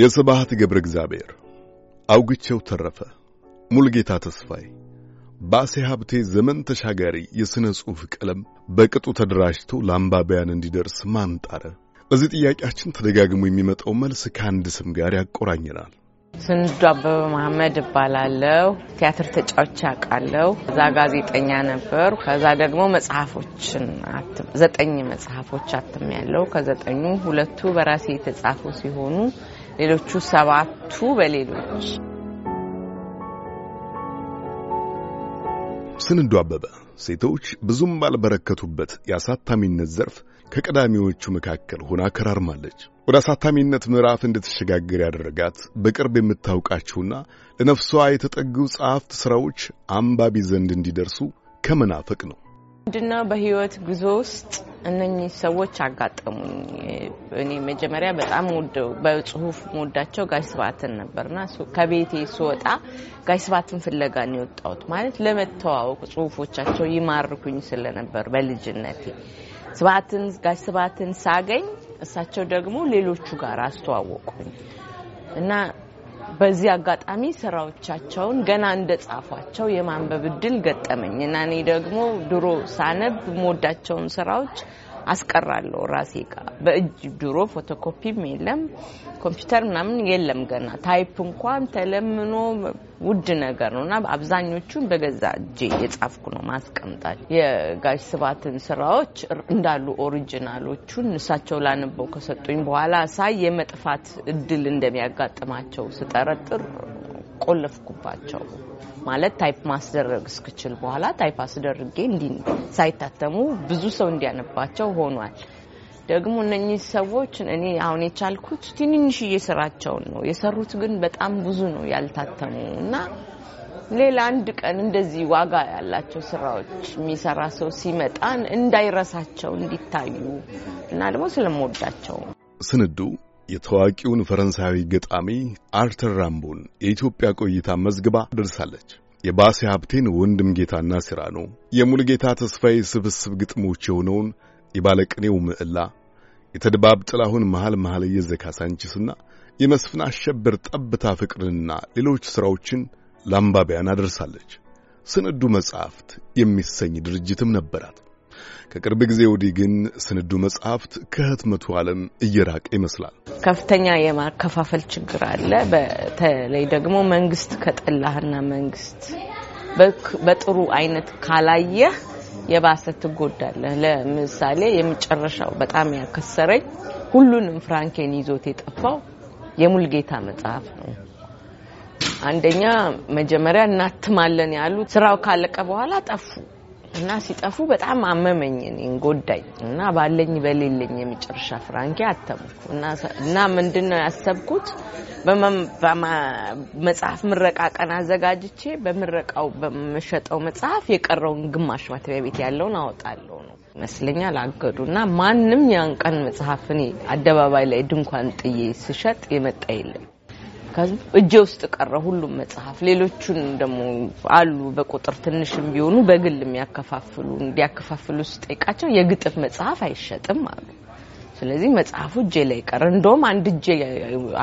የስብሐት ገብረ እግዚአብሔር፣ አውግቸው ተረፈ፣ ሙልጌታ ተስፋይ በአሴ ሀብቴ ዘመን ተሻጋሪ የሥነ ጽሑፍ ቀለም በቅጡ ተደራጅቶ ለአንባቢያን እንዲደርስ ማንጣረ። በዚህ ጥያቄያችን ተደጋግሞ የሚመጣው መልስ ከአንድ ስም ጋር ያቆራኝናል። ስንዱ አበበ መሐመድ እባላለሁ። ቲያትር ተጫውቼ ያውቃለሁ። እዛ ጋዜጠኛ ነበር ከዛ ደግሞ መጽሐፎችን ዘጠኝ መጽሐፎች አትም ያለው ከዘጠኙ ሁለቱ በራሴ የተጻፉ ሲሆኑ ሌሎቹ ሰባቱ በሌሎች ስንዱ አበበ ሴቶች ብዙም ባልበረከቱበት የአሳታሚነት ዘርፍ ከቀዳሚዎቹ መካከል ሆና ከራርማለች። ወደ አሳታሚነት ምዕራፍ እንድትሸጋግር ያደረጋት በቅርብ የምታውቃችሁና ለነፍሷ የተጠጉ ጸሐፍት ሥራዎች አንባቢ ዘንድ እንዲደርሱ ከመናፈቅ ነው። ምንድነው በሕይወት ጉዞ ውስጥ እነኚህ ሰዎች አጋጠሙኝ። እኔ መጀመሪያ በጣም ወደው በጽሁፍ መወዳቸው ጋሽ ስብሐትን ነበርና ከቤቴ ስወጣ ጋሽ ስብሐትን ፍለጋ ነው የወጣሁት። ማለት ለመተዋወቅ ጽሁፎቻቸው ይማርኩኝ ስለነበር በልጅነቴ ስብሐትን ጋሽ ስብሐትን ሳገኝ እሳቸው ደግሞ ሌሎቹ ጋር አስተዋወቁኝ እና በዚህ አጋጣሚ ስራዎቻቸውን ገና ጻፏቸው የማንበብ እድል ገጠመኝ እና እኔ ደግሞ ድሮ ሳነብ የምወዳቸውን ስራዎች አስቀራለሁ ራሴ ጋ በእጅ ድሮ ፎቶኮፒም የለም ኮምፒውተር ምናምን የለም ገና ታይፕ እንኳን ተለምኖ ውድ ነገር ነው እና አብዛኞቹን በገዛ እጄ የጻፍኩ ነው ማስቀምጣል። የጋሽ ስባትን ስራዎች እንዳሉ ኦሪጂናሎቹን እሳቸው ላንበው ከሰጡኝ በኋላ ሳይ የመጥፋት እድል እንደሚያጋጥማቸው ስጠረጥር ቆለፍኩባቸው ማለት ታይፕ ማስደረግ እስክችል በኋላ ታይፕ አስደርጌ እንዲ ሳይታተሙ ብዙ ሰው እንዲያነባቸው ሆኗል። ደግሞ እነኚህ ሰዎች እኔ አሁን የቻልኩት ትንንሽዬ ስራቸውን ነው የሰሩት፣ ግን በጣም ብዙ ነው ያልታተሙ እና ሌላ አንድ ቀን እንደዚህ ዋጋ ያላቸው ስራዎች የሚሰራ ሰው ሲመጣን እንዳይረሳቸው እንዲታዩ እና ደግሞ ስለምወዳቸው ስንዱ የታዋቂውን ፈረንሳዊ ገጣሚ አርተር ራምቦን የኢትዮጵያ ቆይታ መዝግባ ደርሳለች። የባሴ ሀብቴን ወንድም ጌታና ሲራ ነው ጌታ ተስፋዬ ስብስብ ግጥሞች የሆነውን የባለቅኔው ምዕላ የተድባብ ጥላሁን መሃል መሃል የዘካ ሳንችስና የመስፍን አሸብር ጠብታ ፍቅርንና ሌሎች ሥራዎችን ለአንባቢያን አደርሳለች። ስንዱ መጻሕፍት የሚሰኝ ድርጅትም ነበራት። ከቅርብ ጊዜ ወዲህ ግን ስንዱ መጽሐፍት ከህትመቱ ዓለም እየራቀ ይመስላል። ከፍተኛ የማከፋፈል ችግር አለ። በተለይ ደግሞ መንግስት ከጠላህና መንግስት በጥሩ አይነት ካላየህ የባሰ ትጎዳለህ። ለምሳሌ የመጨረሻው በጣም ያከሰረኝ ሁሉንም ፍራንኬን ይዞት የጠፋው የሙልጌታ መጽሐፍ ነው። አንደኛ መጀመሪያ እናትማለን ያሉት ስራው ካለቀ በኋላ ጠፉ። እና ሲጠፉ በጣም አመመኝ፣ እኔን ጎዳኝ። እና ባለኝ በሌለኝ የመጨረሻ ፍራንኪ አተምኩ እና ምንድን ነው ያሰብኩት መጽሐፍ ምረቃ ቀን አዘጋጅቼ በምረቃው በምሸጠው መጽሐፍ የቀረውን ግማሽ ማተሚያ ቤት ያለውን አወጣለሁ ነው ይመስለኛል። ላገዱ እና ማንም ያን ቀን መጽሐፍ እኔ አደባባይ ላይ ድንኳን ጥዬ ስሸጥ የመጣ የለም። እጄ ውስጥ ቀረ ሁሉም መጽሐፍ። ሌሎቹን ደግሞ አሉ በቁጥር ትንሽም ቢሆኑ በግል የሚያከፋፍሉ እንዲያከፋፍሉ ስጠይቃቸው የግጥፍ መጽሐፍ አይሸጥም አሉ። ስለዚህ መጽሐፉ እጄ ላይ ቀረ። እንደውም አንድ እጄ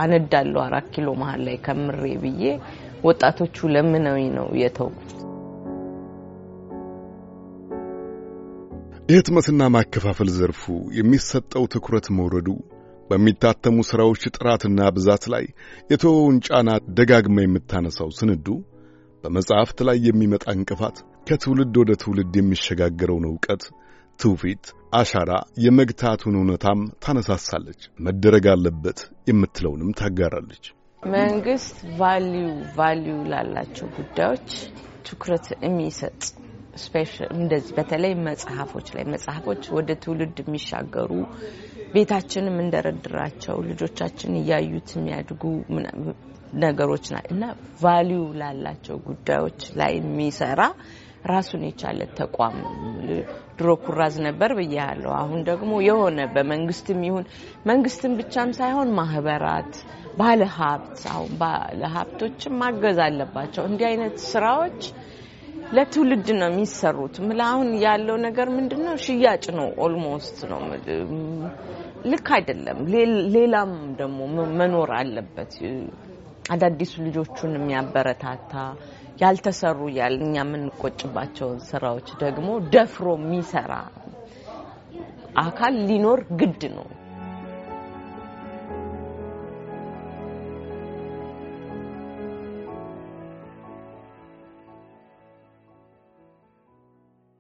አነዳለሁ አራት ኪሎ መሀል ላይ ከምሬ ብዬ ወጣቶቹ ለምነው ነው የተውኩት። የህትመትና ማከፋፈል ዘርፉ የሚሰጠው ትኩረት መውረዱ በሚታተሙ ሥራዎች ጥራትና ብዛት ላይ የተወውን ጫና ደጋግማ የምታነሳው ስንዱ በመጽሐፍት ላይ የሚመጣ እንቅፋት ከትውልድ ወደ ትውልድ የሚሸጋገረውን ዕውቀት፣ ትውፊት፣ አሻራ የመግታቱን እውነታም ታነሳሳለች። መደረግ አለበት የምትለውንም ታጋራለች። መንግስት ቫሊዩ ቫሊዩ ላላቸው ጉዳዮች ትኩረት የሚሰጥ ስፔሻል እንደዚህ በተለይ መጽሐፎች ላይ መጽሐፎች ወደ ትውልድ የሚሻገሩ ቤታችን የምንደረድራቸው ልጆቻችን እያዩት የሚያድጉ ነገሮች ና እና ቫሊዩ ላላቸው ጉዳዮች ላይ የሚሰራ ራሱን የቻለ ተቋም ድሮ ኩራዝ ነበር ብያለሁ። አሁን ደግሞ የሆነ በመንግስትም ይሁን መንግስትም ብቻም ሳይሆን ማህበራት፣ ባለሀብት አሁን ባለሀብቶችም ማገዝ አለባቸው። እንዲህ አይነት ስራዎች ለትውልድ ነው የሚሰሩት። ምላ አሁን ያለው ነገር ምንድን ነው? ሽያጭ ነው ኦልሞስት ነው ልክ አይደለም። ሌላም ደግሞ መኖር አለበት። አዳዲሱ ልጆቹን የሚያበረታታ ያልተሰሩ ያል እኛ የምንቆጭባቸውን ስራዎች ደግሞ ደፍሮ የሚሰራ አካል ሊኖር ግድ ነው።